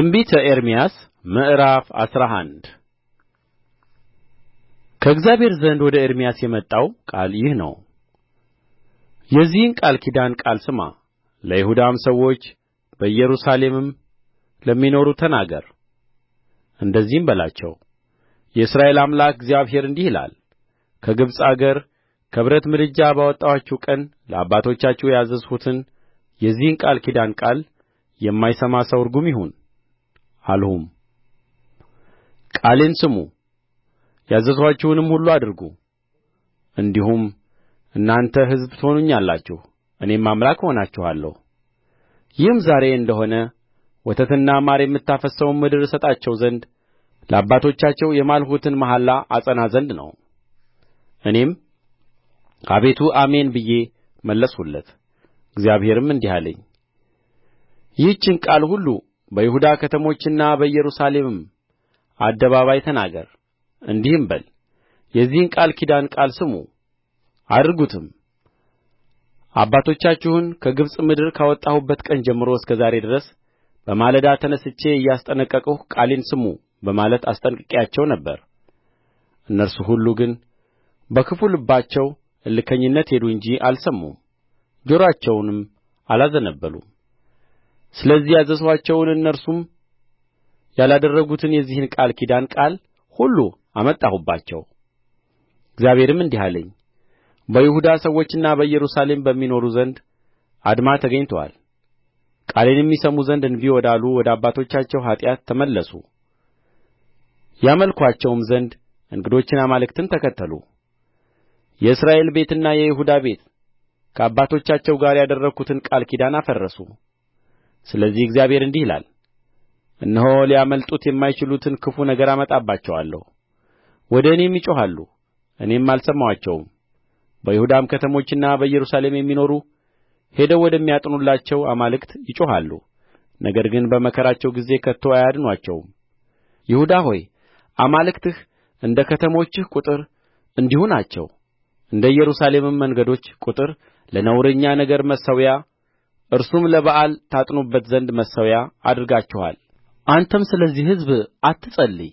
ትንቢተ ኤርምያስ ምዕራፍ አስራ አንድ ከእግዚአብሔር ዘንድ ወደ ኤርምያስ የመጣው ቃል ይህ ነው የዚህን ቃል ኪዳን ቃል ስማ ለይሁዳም ሰዎች በኢየሩሳሌምም ለሚኖሩ ተናገር እንደዚህም በላቸው የእስራኤል አምላክ እግዚአብሔር እንዲህ ይላል ከግብጽ አገር ከብረት ምድጃ ባወጣኋችሁ ቀን ለአባቶቻችሁ ያዘዝሁትን የዚህን ቃል ኪዳን ቃል የማይሰማ ሰው ርጉም ይሁን አልሁም ቃሌን ስሙ ያዘዝኋችሁንም ሁሉ አድርጉ እንዲሁም እናንተ ሕዝብ ትሆኑኛላችሁ እኔም አምላክ እሆናችኋለሁ ይህም ዛሬ እንደ ሆነ ወተትና ማር የምታፈስሰውን ምድር እሰጣቸው ዘንድ ለአባቶቻቸው የማልሁትን መሐላ አጸና ዘንድ ነው እኔም አቤቱ አሜን ብዬ መለስሁለት እግዚአብሔርም እንዲህ አለኝ ይህችን ቃል ሁሉ በይሁዳ ከተሞችና በኢየሩሳሌምም አደባባይ ተናገር እንዲህም በል የዚህን ቃል ኪዳን ቃል ስሙ አድርጉትም አባቶቻችሁን ከግብጽ ምድር ካወጣሁበት ቀን ጀምሮ እስከ ዛሬ ድረስ በማለዳ ተነሥቼ እያስጠነቀቅሁ ቃሌን ስሙ በማለት አስጠንቅቄአቸው ነበር እነርሱ ሁሉ ግን በክፉ ልባቸው እልከኝነት ሄዱ እንጂ አልሰሙም ጆሮአቸውንም አላዘነበሉም ስለዚህ ያዘዝኋቸውን እነርሱም ያላደረጉትን የዚህን ቃል ኪዳን ቃል ሁሉ አመጣሁባቸው እግዚአብሔርም እንዲህ አለኝ በይሁዳ ሰዎችና በኢየሩሳሌም በሚኖሩ ዘንድ አድማ ተገኝቶአል ቃሌንም ይሰሙ ዘንድ እንቢ ወዳሉ ወደ አባቶቻቸው ኃጢአት ተመለሱ ያመልኩአቸውም ዘንድ እንግዶችን አማልክትን ተከተሉ የእስራኤል ቤትና የይሁዳ ቤት ከአባቶቻቸው ጋር ያደረግሁትን ቃል ኪዳን አፈረሱ ስለዚህ እግዚአብሔር እንዲህ ይላል እነሆ ሊያመልጡት የማይችሉትን ክፉ ነገር አመጣባቸዋለሁ ወደ እኔም ይጮኻሉ እኔም አልሰማቸውም በይሁዳም ከተሞችና በኢየሩሳሌም የሚኖሩ ሄደው ወደሚያጥኑላቸው አማልክት ይጮኻሉ ነገር ግን በመከራቸው ጊዜ ከቶ አያድኑአቸውም ይሁዳ ሆይ አማልክትህ እንደ ከተሞችህ ቍጥር እንዲሁ ናቸው እንደ ኢየሩሳሌምም መንገዶች ቍጥር ለነውረኛ ነገር መሠዊያ እርሱም ለበኣል ታጥኑበት ዘንድ መሠዊያ አድርጋችኋል አንተም ስለዚህ ሕዝብ አትጸልይ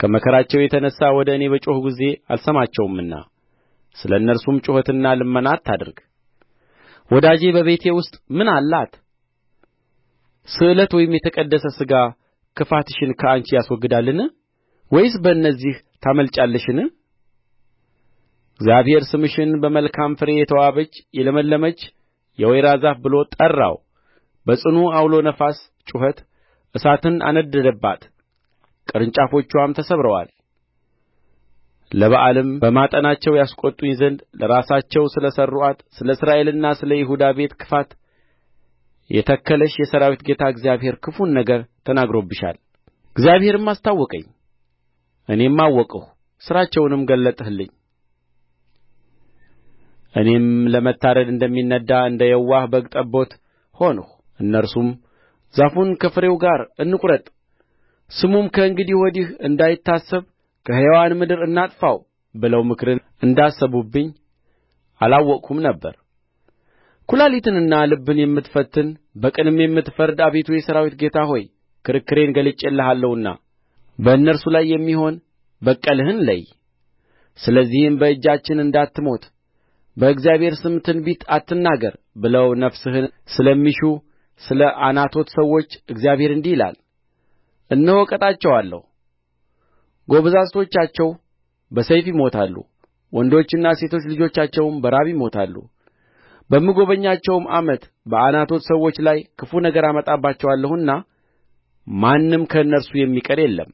ከመከራቸው የተነሣ ወደ እኔ በጮኹ ጊዜ አልሰማቸውምና ስለ እነርሱም ጩኸትና ልመና አታድርግ ወዳጄ በቤቴ ውስጥ ምን አላት ስእለት ወይም የተቀደሰ ሥጋ ክፋትሽን ከአንቺ ያስወግዳልን ወይስ በእነዚህ ታመልጫለሽን እግዚአብሔር ስምሽን በመልካም ፍሬ የተዋበች የለመለመች የወይራ ዛፍ ብሎ ጠራው በጽኑ ዐውሎ ነፋስ ጩኸት እሳትን አነደደባት ቅርንጫፎችዋም ተሰብረዋል ለበኣልም በማጠናቸው ያስቈጡኝ ዘንድ ለራሳቸው ስለ ሠሩአት ስለ እስራኤልና ስለ ይሁዳ ቤት ክፋት የተከለሽ የሠራዊት ጌታ እግዚአብሔር ክፉን ነገር ተናግሮብሻል እግዚአብሔርም አስታወቀኝ እኔም አወቅሁ ሥራቸውንም ገለጥህልኝ እኔም ለመታረድ እንደሚነዳ እንደ የዋህ በግ ጠቦት ሆንሁ እነርሱም ዛፉን ከፍሬው ጋር እንቍረጥ ስሙም ከእንግዲህ ወዲህ እንዳይታሰብ ከሕያዋን ምድር እናጥፋው ብለው ምክርን እንዳሰቡብኝ አላወቅሁም ነበር ኵላሊትንና ልብን የምትፈትን በቅንም የምትፈርድ አቤቱ የሠራዊት ጌታ ሆይ ክርክሬን ገልጬልሃለሁና በእነርሱ ላይ የሚሆን በቀልህን ለይ ስለዚህም በእጃችን እንዳትሞት በእግዚአብሔር ስም ትንቢት አትናገር ብለው ነፍስህን ስለሚሹ ስለ ዓናቶት ሰዎች እግዚአብሔር እንዲህ ይላል እነሆ እቀጣቸዋለሁ ጐበዛዝቶቻቸው በሰይፍ ይሞታሉ ወንዶችና ሴቶች ልጆቻቸውም በራብ ይሞታሉ በምጐበኛቸውም ዓመት በዓናቶት ሰዎች ላይ ክፉ ነገር አመጣባቸዋለሁና ማንም ከእነርሱ የሚቀር የለም